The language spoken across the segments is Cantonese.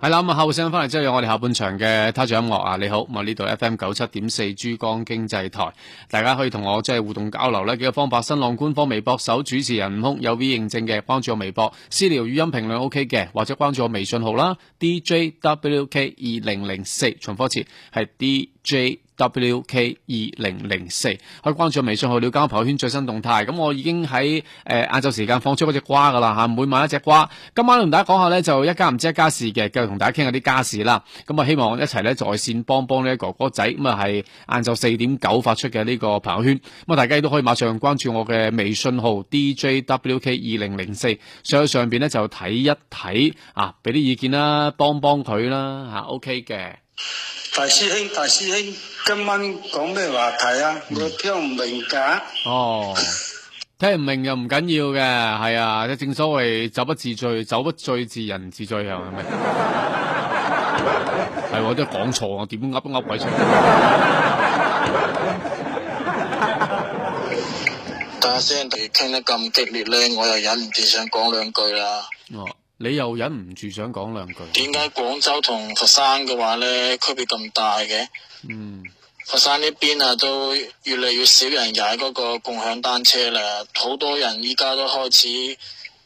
喺啦，咁、嗯、後生翻嚟之後，有我哋下半場嘅他住音樂啊，你好，咁啊呢度 FM 九七點四珠江經濟台，大家可以同我即係互動交流呢幾個方法：新浪官方微博搜主持人悟空有 V 認證嘅，關注我微博私聊、語音評論 O K 嘅，或者關注我微信號啦，D J W K 二零零四，重複一次係 D。JWK 二零零四可以關注我微信號，了解朋友圈最新動態。咁我已經喺誒晏晝時間放出嗰隻瓜噶啦吓，每晚一隻瓜。今晚同大家講下呢，就一家唔知一家事嘅，繼續同大家傾下啲家事啦。咁啊，希望一齊呢，在線幫幫呢個哥哥仔。咁啊，係晏晝四點九發出嘅呢個朋友圈。咁啊，大家亦都可以馬上關注我嘅微信號 DJWK 二零零四，4，上去上邊呢就睇一睇啊，俾啲意見啦，幫幫佢啦吓，啊，OK 嘅。大師兄，大師兄，今晚講咩話題啊？我聽唔明架。哦，聽唔明又唔緊要嘅，係啊，正所謂酒不自醉，酒不醉自人自醉又係咪？係，我真係講錯，點噏都噏鬼出嚟。但係先突然傾得咁激烈咧，我又忍唔住想講兩句啦。你又忍唔住想講兩句？點解廣州同佛山嘅話咧，區別咁大嘅？嗯，佛山呢邊啊，都越嚟越少人踩嗰個共享單車啦，好多人依家都開始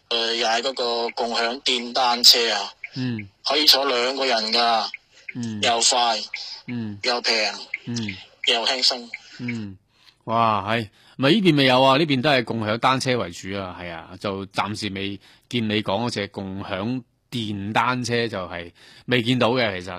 誒踩嗰個共享電單車啊。嗯，可以坐兩個人噶。嗯。又快。嗯。又平。嗯。又輕鬆。嗯。哇，係咪呢邊未有啊？呢邊都係共享單車為主啊，係啊，就暫時未見你講嗰隻共享電單車，就係未見到嘅，其實。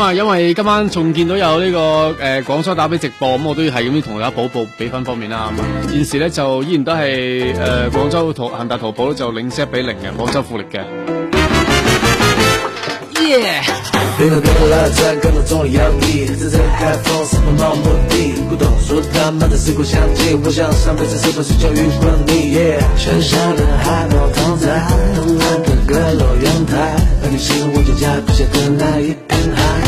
啊，因為今晚仲見到有呢、這個誒廣、呃、州打比直播，咁、嗯、我都要係咁樣同大家補補比分方面啦。現時呢，就依然都係誒廣州淘恒大淘寶就領先一比零嘅廣州富力嘅。Yeah! yeah!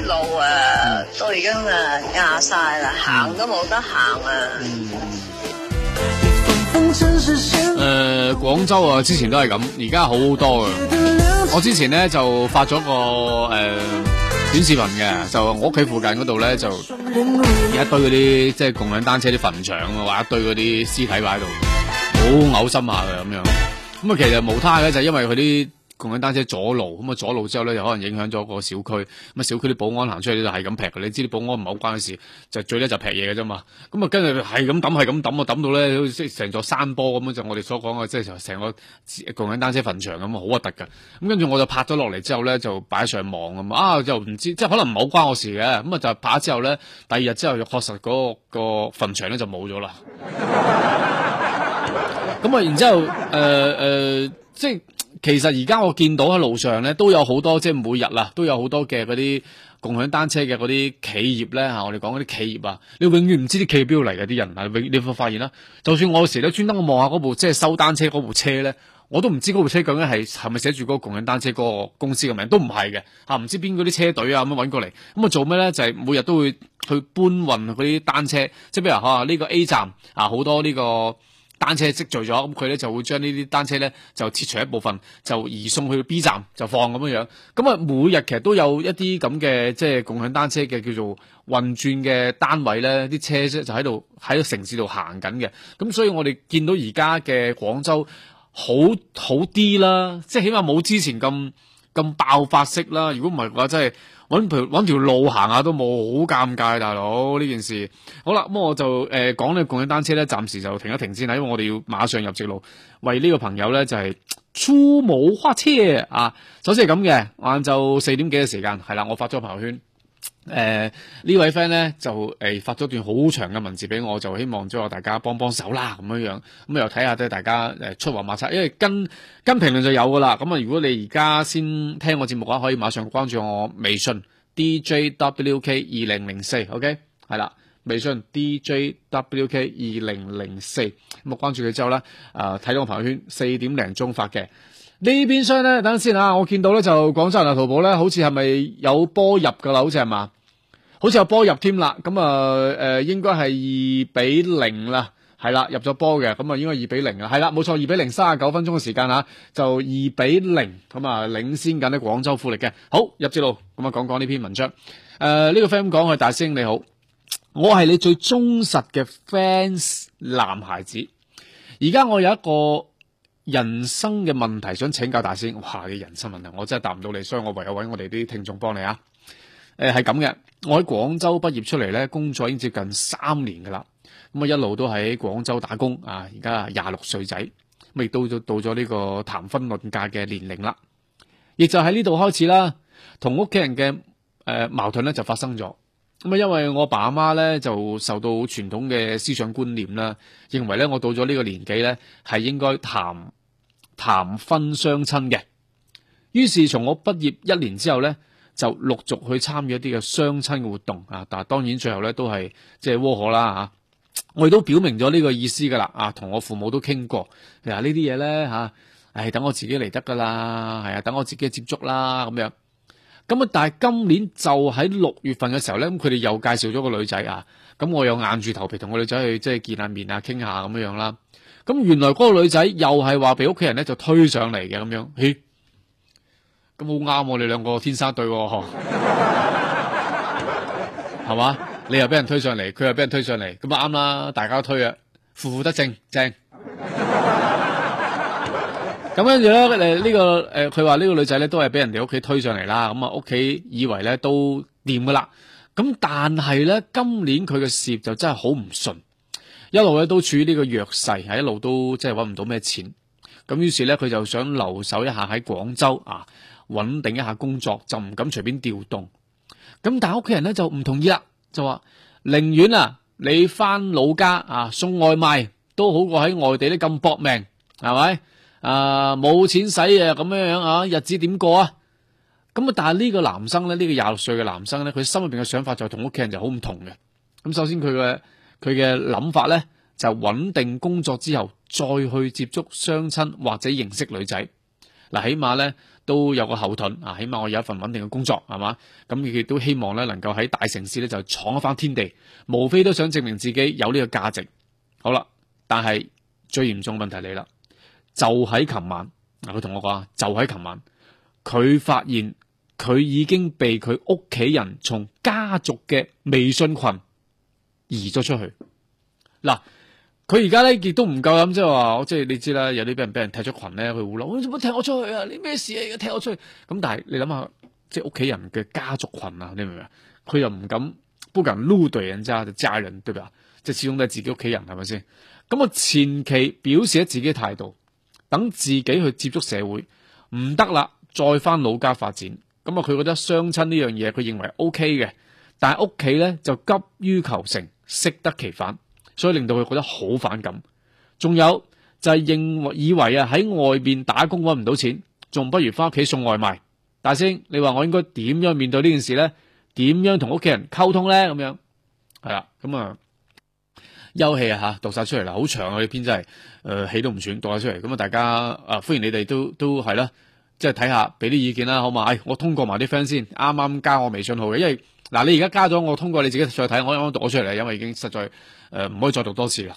路啊，都已經啊壓晒啦，行都冇得行啊！誒，廣州啊，之前都係咁，而家好好多啊。我之前咧就發咗個誒、呃、短視頻嘅，就我屋企附近嗰度咧就有一堆嗰啲即係共享單車啲墳場啊，或者一堆嗰啲屍體擺喺度，好嘔心下㗎咁樣。咁啊，其實無他嘅，就係因為佢啲。共享單車阻路，咁啊阻路之後咧，就可能影響咗個小區。咁啊小區啲保安行出去呢，就係咁劈，你知啲保安唔係好關事，就最咧就劈嘢嘅啫嘛。咁啊跟住係咁抌，係咁抌，我抌到咧，即係成座山坡咁樣就我哋所講嘅，即係成個共享單車墳場咁啊，好核突㗎。咁跟住我就拍咗落嚟之後咧，就擺上網咁啊，又唔知即係可能唔係好關我事嘅。咁啊就拍咗之後咧，第二日之後就確實嗰個墳場咧就冇咗啦。咁啊， 然之後誒誒，即係。其實而家我見到喺路上咧，都有好多即係每日啦，都有好多嘅嗰啲共享單車嘅嗰啲企業咧嚇，我哋講嗰啲企業啊，你永遠唔知啲企業標嚟嘅啲人啊，永你會發現啦。就算我有時都專登我望下嗰部即係收單車嗰部車咧，我都唔知嗰部車究竟係係咪寫住嗰個共享單車嗰個公司嘅名，都唔係嘅嚇，唔、啊、知邊嗰啲車隊啊咁樣揾過嚟咁啊做咩咧？就係、是、每日都會去搬運嗰啲單車，即係譬如嚇呢、啊這個 A 站啊，好多呢、這個。單車積聚咗，咁佢咧就會將呢啲單車咧就切除一部分，就移送去 B 站就放咁樣樣。咁啊，每日其實都有一啲咁嘅即係共享單車嘅叫做運轉嘅單位咧，啲車就喺度喺個城市度行緊嘅。咁所以我哋見到而家嘅廣州好好啲啦，即係起碼冇之前咁，咁爆發式啦，如果唔係嘅話，真係搵條條路行下都冇，好尷尬，大佬呢件事。好啦，咁我就誒講呢個共享單車咧，暫時就停一停先啦，因為我哋要馬上入直路，為呢個朋友咧就係粗武花車啊。首先係咁嘅，晏晝四點幾嘅時間係啦，我發咗個朋友圈。誒，呃、位呢位 friend 咧就誒、呃、發咗段好長嘅文字俾我，就希望即係大家幫幫手啦，咁樣樣，咁又睇下即係大家誒出橫馬擦，因為跟跟評論就有噶啦。咁、嗯、啊，如果你而家先聽我節目嘅話，可以馬上關注我微信 DJWK 二零零四，OK 係啦，微信 DJWK 二零零四，咁啊、okay？關注佢之後咧，誒、呃、睇到我朋友圈四點零鐘發嘅。邊，呢邊商咧，等陣先吓，我見到咧就廣州人啊，淘寶咧，好似係咪有波入喇？好似係嘛？好似有波入添啦，咁啊，誒、呃，應該係二比零啦，係啦，入咗波嘅，咁啊，應該二比零啊，係啦，冇錯，二比零，三十九分鐘嘅時間吓，就二比零，咁啊，領先緊呢廣州富力嘅，好，入之路，咁啊，講講呢篇文章，誒、呃，呢、這個 friend 講佢大師兄你好，我係你最忠實嘅 fans，男孩子，而家我有一個。人生嘅問題想請教大師，哇你人生問題我真係答唔到你，所以我唯有揾我哋啲聽眾幫你啊。誒係咁嘅，我喺廣州畢業出嚟呢，工作已經接近三年噶啦，咁、嗯、啊一路都喺廣州打工啊，而家廿六歲仔，咁、嗯、亦到咗到咗呢個談婚論嫁嘅年齡啦，亦就喺呢度開始啦，同屋企人嘅誒、呃、矛盾呢就發生咗，咁、嗯、啊因為我爸媽呢，就受到傳統嘅思想觀念啦，認為呢，我到咗呢個年紀呢，係應該談。談婚相親嘅，於是從我畢業一年之後咧，就陸續去參與一啲嘅相親嘅活動啊！但係當然最後咧都係即係窩火啦吓、啊，我亦都表明咗呢個意思噶啦啊，同我父母都傾過，嗱、啊、呢啲嘢咧吓，唉等我自己嚟得噶啦，係啊等我自己接觸啦咁樣，咁啊但係今年就喺六月份嘅時候咧，咁佢哋又介紹咗個女仔啊，咁、啊、我又硬住頭皮同個女仔去即係見面下面啊，傾下咁樣樣啦。咁原來嗰個女仔又係話俾屋企人咧就推上嚟嘅咁樣，咦？咁好啱我哋兩個天生對喎、啊，嗬，係嘛？你又俾人推上嚟，佢又俾人推上嚟，咁啊啱啦，大家都推啊，負負得正，正。咁跟住咧，誒、這個，呢個誒，佢話呢個女仔咧都係俾人哋屋企推上嚟啦，咁啊屋企以為咧都掂噶啦，咁但係咧今年佢嘅事業就真係好唔順。一路咧都處於呢個弱勢，係一路都即係搵唔到咩錢，咁於是咧佢就想留守一下喺廣州啊，穩定一下工作，就唔敢隨便調動。咁但係屋企人咧就唔同意啦，就話寧願啊你翻老家啊送外賣，都好過喺外地咧咁搏命，係咪啊？冇錢使啊，咁樣樣啊日子點過啊？咁啊但係呢個男生咧，呢個廿六歲嘅男生咧，佢心入邊嘅想法就同屋企人就好唔同嘅。咁首先佢嘅。佢嘅諗法呢，就穩定工作之後再去接觸相親或者認識女仔，嗱，起碼呢都有個後盾啊，起碼我有一份穩定嘅工作，係嘛？咁亦都希望呢能夠喺大城市呢就闖一番天地，無非都想證明自己有呢個價值。好啦，但係最嚴重嘅問題嚟啦，就喺琴晚嗱，佢同我講就喺琴晚，佢發現佢已經被佢屋企人從家族嘅微信群。移咗出去，嗱，佢而家咧亦都唔夠膽，即係話，即係你知啦，有啲俾人俾人踢出群咧，佢會話，做乜踢我出去啊？你咩事啊？而家踢我出去，咁但係你諗下，即係屋企人嘅家族群啊，你明唔明啊？佢又唔敢，不敢擼對人渣，就揸人對吧？即係始終都係自己屋企人，係咪先？咁啊，前期表示咗自己態度，等自己去接觸社會，唔得啦，再翻老家發展。咁啊，佢覺得相親呢樣嘢，佢認為 OK 嘅，但係屋企咧就急於求成。適得其反，所以令到佢覺得好反感。仲有就係認為以為啊喺外邊打工搵唔到錢，仲不如翻屋企送外賣。大師，你話我應該點樣面對呢件事咧？點樣同屋企人溝通咧？咁樣係啦，咁啊、嗯、休氣啊吓，讀晒出嚟啦，好長啊呢篇真係誒、呃、起都唔算，讀晒出嚟。咁、嗯、啊大家啊、呃，歡迎你哋都都係啦，即係睇下俾啲意見啦，好嘛、哎？我通過埋啲 friend 先，啱啱加我微信號嘅，因為。嗱，你而家加咗我，通過你自己再睇，我啱啱讀咗出嚟，因為已經實在，誒、呃、唔可以再讀多次啦。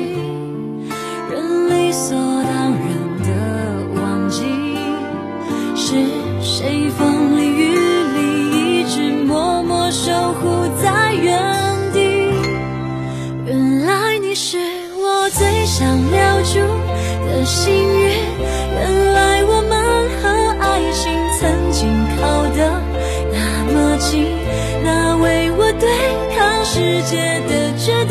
世界的決定。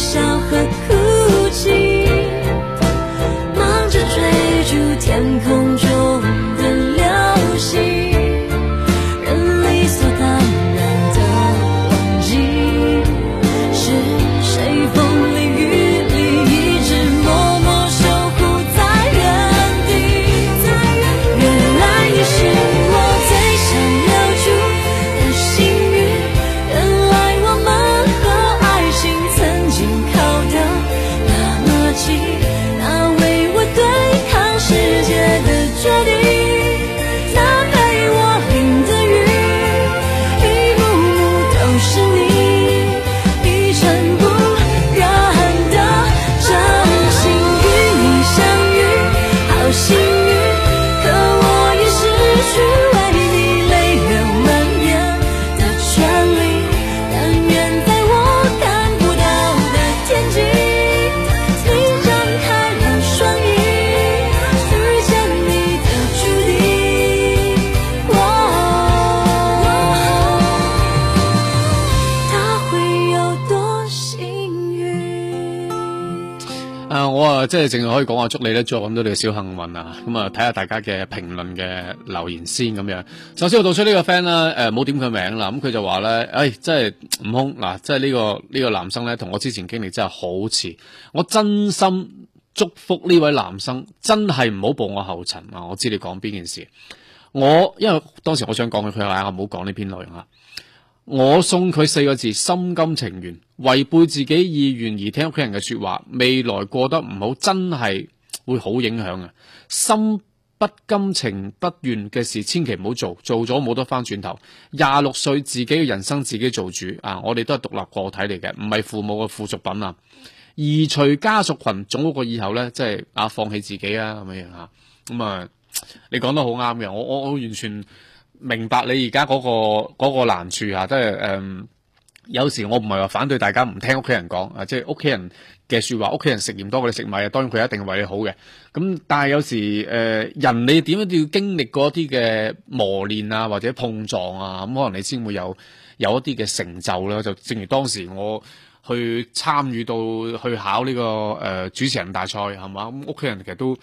笑和哭泣。即係淨係可以講話祝你咧，祝我咁多嘅小幸運啊！咁啊，睇下大家嘅評論嘅留言先咁樣。首先我讀出呢個 friend 啦，誒、呃，冇點佢名啦，咁佢就話咧，誒、哎，真係悟空嗱，即係呢個呢、這個男生咧，同我之前經歷真係好似。我真心祝福呢位男生，真係唔好步我後塵啊！我知你講邊件事，我因為當時我想講佢，佢又話我唔好講呢篇內容啦。我送佢四個字：心甘情願，違背自己意願而聽屋企人嘅說話，未來過得唔好，真係會好影響啊！心不甘情不願嘅事，千祈唔好做，做咗冇得翻轉頭。廿六歲，自己嘅人生自己做主啊！我哋都係獨立個體嚟嘅，唔係父母嘅附屬品啊！而除家族群，總嗰個以後呢，即係啊，放棄自己啊，咁樣樣吓。咁啊，你講得好啱嘅，我我我完全。明白你而家嗰個嗰、嗰個難處即係、嗯、有時我唔係話反對大家唔聽屋企人講啊，即係屋企人嘅說話，屋企人食鹽多過你食米，當然佢一定為你好嘅。咁、嗯、但係有時誒、呃、人你點樣都要經歷過一啲嘅磨練啊，或者碰撞啊，咁、嗯、可能你先會有有一啲嘅成就啦。就正如當時我去參與到去考呢、呢個誒、呃、主持人大賽係嘛，咁屋企人其實都。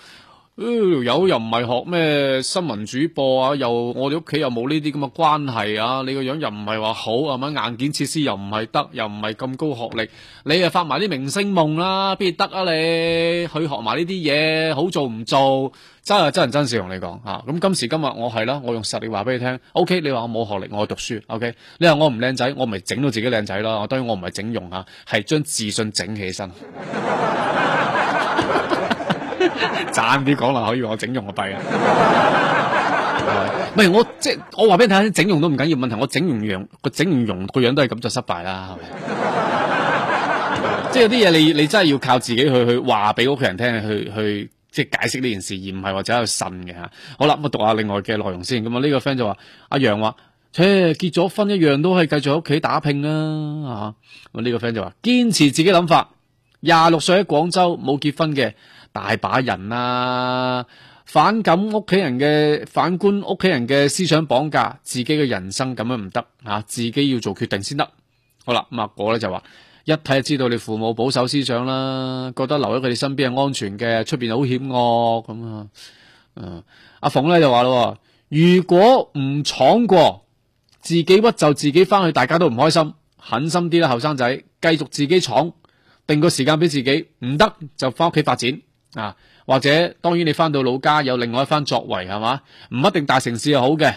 有又唔係學咩新聞主播啊？又我哋屋企又冇呢啲咁嘅關係啊？你個樣又唔係話好係、啊、咪？硬件設施又唔係得，又唔係咁高學歷，你啊發埋啲明星夢啦，邊得啊你？去學埋呢啲嘢好做唔做？真係真人真事同你講吓，咁、啊、今時今日我係啦，我用實力話俾你聽。OK，你話我冇學歷，我去讀書。OK，你話我唔靚仔，我咪整到自己靚仔啦。當然我唔係整容吓，係將自信整起身。 站啲講啦，可以我整容個弊啊，唔係 我即係我話俾你睇下，整容都唔緊要。問題我整容個整完容個樣都係咁就失敗啦，係咪？ 即係有啲嘢你你真係要靠自己去去話俾屋企人聽，去去,去即係解釋呢件事，而唔係或者走去呻嘅吓。好啦，我讀下另外嘅內容先。咁、那、啊、個，呢個 friend 就話阿楊話切結咗婚一樣都可以繼續喺屋企打拼啦、啊、吓。咁呢、那個 friend 就話堅持自己諗法，廿六歲喺廣州冇結婚嘅。大把人啦、啊，反感屋企人嘅反觀屋企人嘅思想綁架自己嘅人生咁樣唔得、啊、自己要做決定先得。好啦，咁阿果，我咧就話一睇就知道你父母保守思想啦，覺得留喺佢哋身邊係安全嘅，出邊好險惡咁啊。阿鳳咧就話咯，如果唔闖過自己屈就自己翻去，大家都唔開心，狠心啲啦，後生仔繼續自己闖，定個時間俾自己，唔得就翻屋企發展。啊，或者當然你翻到老家有另外一番作為係嘛，唔一定大城市係好嘅。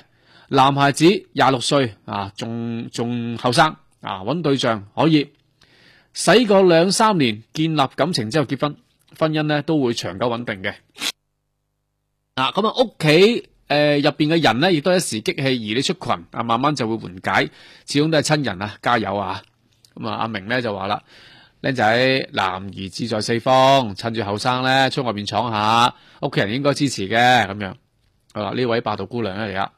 男孩子廿六歲啊，仲仲後生啊，揾對象可以，使個兩三年建立感情之後結婚，婚姻呢都會長久穩定嘅。啊，咁啊屋企誒入邊嘅人呢，亦都一時激氣而你出群啊，慢慢就會緩解，始終都係親人啊，加油啊！咁啊，阿明呢就話啦。僆仔，男兒志在四方，趁住後生咧，出外面闖下，屋企人應該支持嘅咁樣。好啦，呢位霸道姑娘咧嚟啦，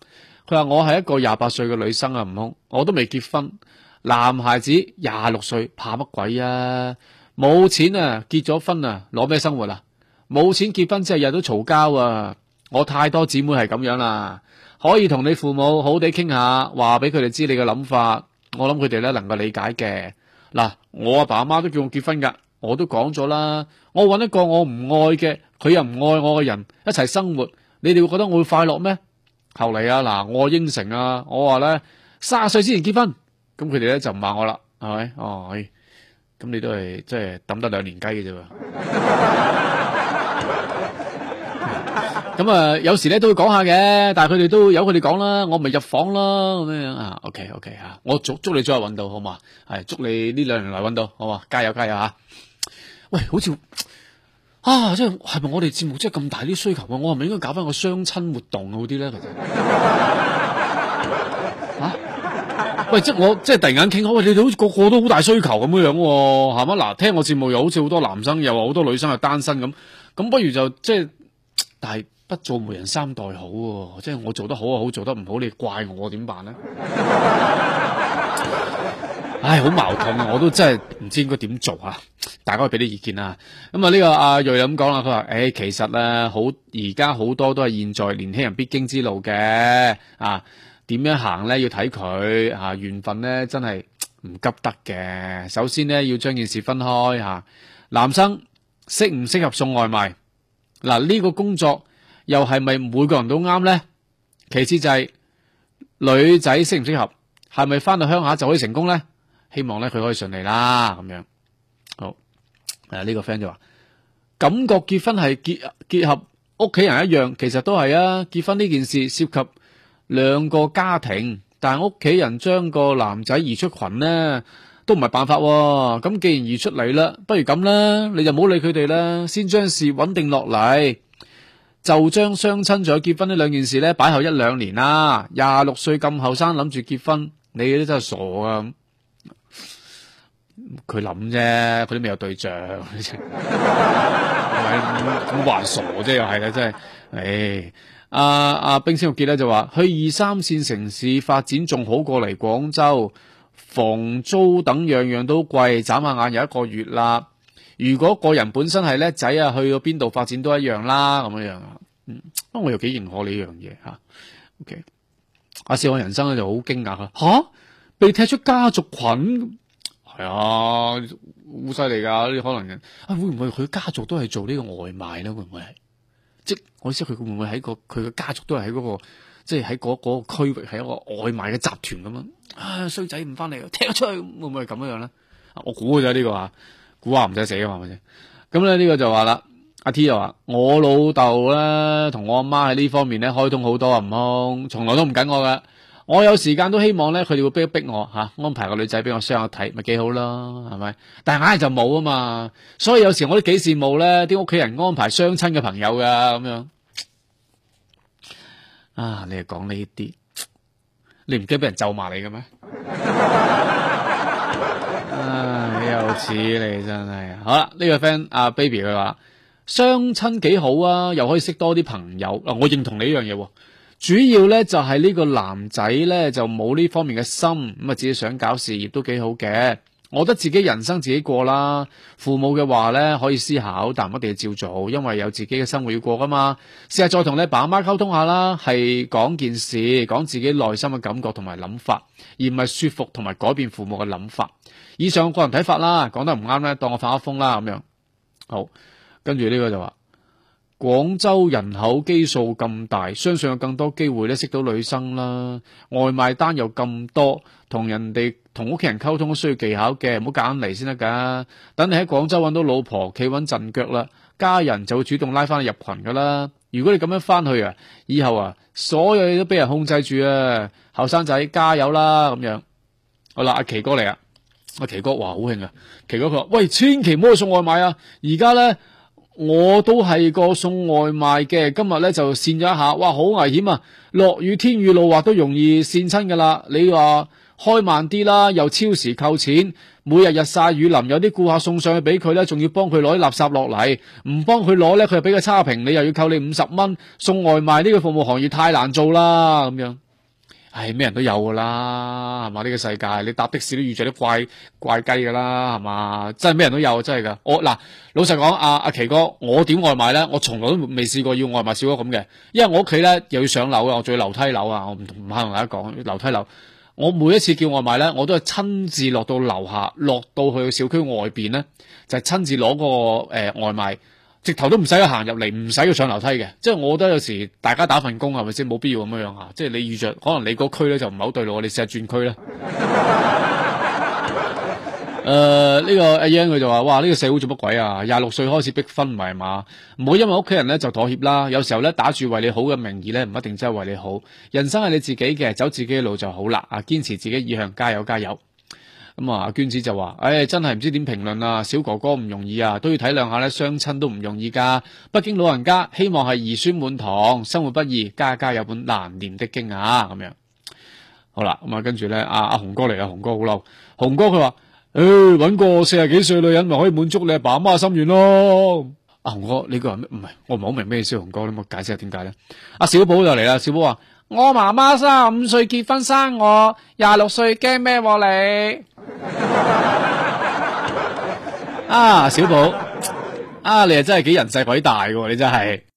佢話我係一個廿八歲嘅女生啊，唔通我都未結婚，男孩子廿六歲怕乜鬼啊？冇錢啊，結咗婚啊，攞咩生活啊？冇錢結婚之後日日都嘈交啊！我太多姊妹係咁樣啦，啊，可以同你父母好地傾下，話俾佢哋知你嘅諗法，我諗佢哋咧能夠理解嘅。嗱，我阿爸阿媽都叫我結婚噶，我都講咗啦。我搵一個我唔愛嘅，佢又唔愛我嘅人一齊生活，你哋會覺得我會快樂咩？後嚟啊，嗱，我應承啊，我話咧，卅歲之前結婚，咁佢哋咧就唔話我啦，係咪？哦，咁、哎、你都係即係抌得兩年雞嘅啫。 咁啊、嗯，有時咧都會講下嘅，但係佢哋都由佢哋講啦，我咪入房咯咁樣啊。OK，OK、OK, OK, 啊，我祝祝你早日揾到好嘛，係祝你呢兩年嚟揾到好嘛，加油加油吓、啊！喂，好似啊，即係係咪我哋節目即係咁大啲需求啊？我係咪應該搞翻個相親活動好啲咧？吓、 啊，喂，即係我即係突然間傾喂，你哋好似個個都好大需求咁樣樣，係、啊、咪？嗱、啊，聽我節目又好似好多男生又話好多女生係單身咁，咁不如就即係，但係。不做媒人三代好，即係我做得好啊，好做得唔好，你怪我點辦呢？ 唉，好矛盾啊！我都真係唔知應該點做啊！大家可以俾啲意見啊。咁啊，呢個阿瑞咁講啦，佢話，誒，其實咧，好而家，好多都係現在年輕人必經之路嘅啊。點樣行咧？要睇佢啊，緣分咧真係唔急得嘅。首先呢，要將件事分開吓，男生適唔適合送外賣？嗱，呢個工作。又係咪每個人都啱咧？其次就係女仔適唔適合，係咪翻到鄉下就可以成功咧？希望咧佢可以順利啦，咁樣。好，誒，呢個 friend 就話感覺結婚係結結合屋企人一樣，其實都係啊。結婚呢件事涉及兩個家庭，但係屋企人將個男仔移出群咧，都唔係辦法喎。咁既然移出嚟啦，不如咁啦，你就唔好理佢哋啦，先將事穩定落嚟。就將相親仲有結婚呢兩件事咧擺後一兩年啦，廿六歲咁後生諗住結婚，你都真係傻啊！佢諗啫，佢都未有對象，咁話是傻啫又係啦，真係，誒，阿、啊、阿冰清玉潔咧就話去二三線城市發展仲好過嚟廣州，房租等樣樣都貴，眨下眼有一個月啦。如果個人本身係叻仔啊，去到邊度發展都一樣啦，咁樣樣啊，嗯，不過我又幾認可呢樣嘢吓。O K，阿小我人生咧就好驚訝啦，吓、啊、被踢出家族群，係啊，好犀利噶，呢可能人，啊、會唔會佢家族都係做呢個外賣咧？會唔會係？即係我意思，佢會唔會喺個佢嘅家族都係喺嗰個，即係喺個區域係一個外賣嘅集團咁樣。啊，衰仔唔翻嚟，踢出去，會唔會係咁樣樣咧？我估嘅啫呢個啊。估話唔使死啊，嘛，係咪先？咁咧，呢個就話啦，阿 T 又話我老豆咧同我阿媽喺呢方面咧開通好多啊，唔通從來都唔緊我噶？我有時間都希望咧，佢哋會逼一逼我吓、啊、安排個女仔俾我相下睇，咪幾好咯，係咪？但係硬係就冇啊嘛，所以有時我都幾羨慕咧啲屋企人安排相親嘅朋友噶咁樣。啊，你係講呢啲，你唔驚俾人咒罵你嘅咩？ 似你真係好啦，呢、這個 friend 阿、啊、baby 佢話相親幾好啊，又可以識多啲朋友。我認同你呢樣嘢，主要咧就係呢個男仔咧就冇呢方面嘅心，咁啊，自己想搞事業都幾好嘅。我覺得自己人生自己過啦，父母嘅話呢，可以思考，但唔一定要照做，因為有自己嘅生活要過噶嘛。試下再同你爸媽溝通下啦，係講件事，講自己內心嘅感覺同埋諗法，而唔係說服同埋改變父母嘅諗法。以上個人睇法啦，講得唔啱呢，當我發下瘋啦咁樣。好，跟住呢個就話。廣州人口基數咁大，相信有更多機會咧識到女生啦。外賣單又咁多，同人哋同屋企人溝通都需要技巧嘅，唔好揀嚟先得噶。等你喺廣州揾到老婆，企穩陣腳啦，家人就會主動拉翻你入群噶啦。如果你咁樣翻去啊，以後啊，所有嘢都俾人控制住啊。後生仔加油啦，咁樣。好啦，阿奇哥嚟啊，阿奇哥話好興啊。奇哥佢話：喂，千祈唔好送外賣啊！而家呢。我都係個送外賣嘅，今日咧就跣咗一下，哇，好危險啊！落雨天雨路滑都容易跣親噶啦。你話開慢啲啦，又超時扣錢，每日日曬雨淋，有啲顧客送上去俾佢咧，仲要幫佢攞啲垃圾落嚟，唔幫佢攞咧，佢又俾個差評，你又要扣你五十蚊。送外賣呢個服務行業太難做啦，咁樣。係咩人都有噶啦，係嘛？呢個世界你搭的士都遇著啲怪怪雞噶啦，係嘛？真係咩人都有，真係噶。我嗱老實講，阿、啊、阿奇哥，我點外賣咧，我從來都未試過要外賣小哥咁嘅，因為我屋企咧又要上樓啊，我仲要樓梯樓啊，我唔唔肯同大家講樓梯樓。我每一次叫外賣咧，我都係親自落到樓下，落到去小區外邊咧，就係親自攞個誒外賣。直頭都唔使行入嚟，唔使要上樓梯嘅，即係我覺得有時大家打份工係咪先冇必要咁樣樣啊？即係你預着可能你嗰區咧就唔係好對路，你成日轉區啦。誒呢個阿 y 佢就話：，哇！呢個社會做乜鬼啊？廿六歲開始逼婚唔係嘛？唔好因為屋企人咧就妥協啦。有時候咧打住為你好嘅名義咧，唔一定真係為你好。人生係你自己嘅，走自己嘅路就好啦。啊，堅持自己意向，加油加油！咁啊，阿娟子就話：，誒、哎，真係唔知點評論啊。小哥哥唔容易啊，都要體諒下咧，相親都唔容易噶、啊。北京老人家希望係兒孫滿堂，生活不易，家家有本難念的經啊，咁樣。好啦，咁啊，跟住咧，阿阿紅哥嚟，啊，紅哥好嬲，紅哥佢話：，誒，搵個、哎、四十幾歲女人咪可以滿足你阿爸阿媽嘅心願咯。阿紅哥，你個人唔係，我唔係好明咩事，紅哥，你我明紅哥解釋一下點解咧。阿小寶又嚟啦，小寶話。我媽媽三十五歲結婚生我，廿六歲驚咩？你 啊，小寶啊，你真係幾人世鬼大噶？你真係。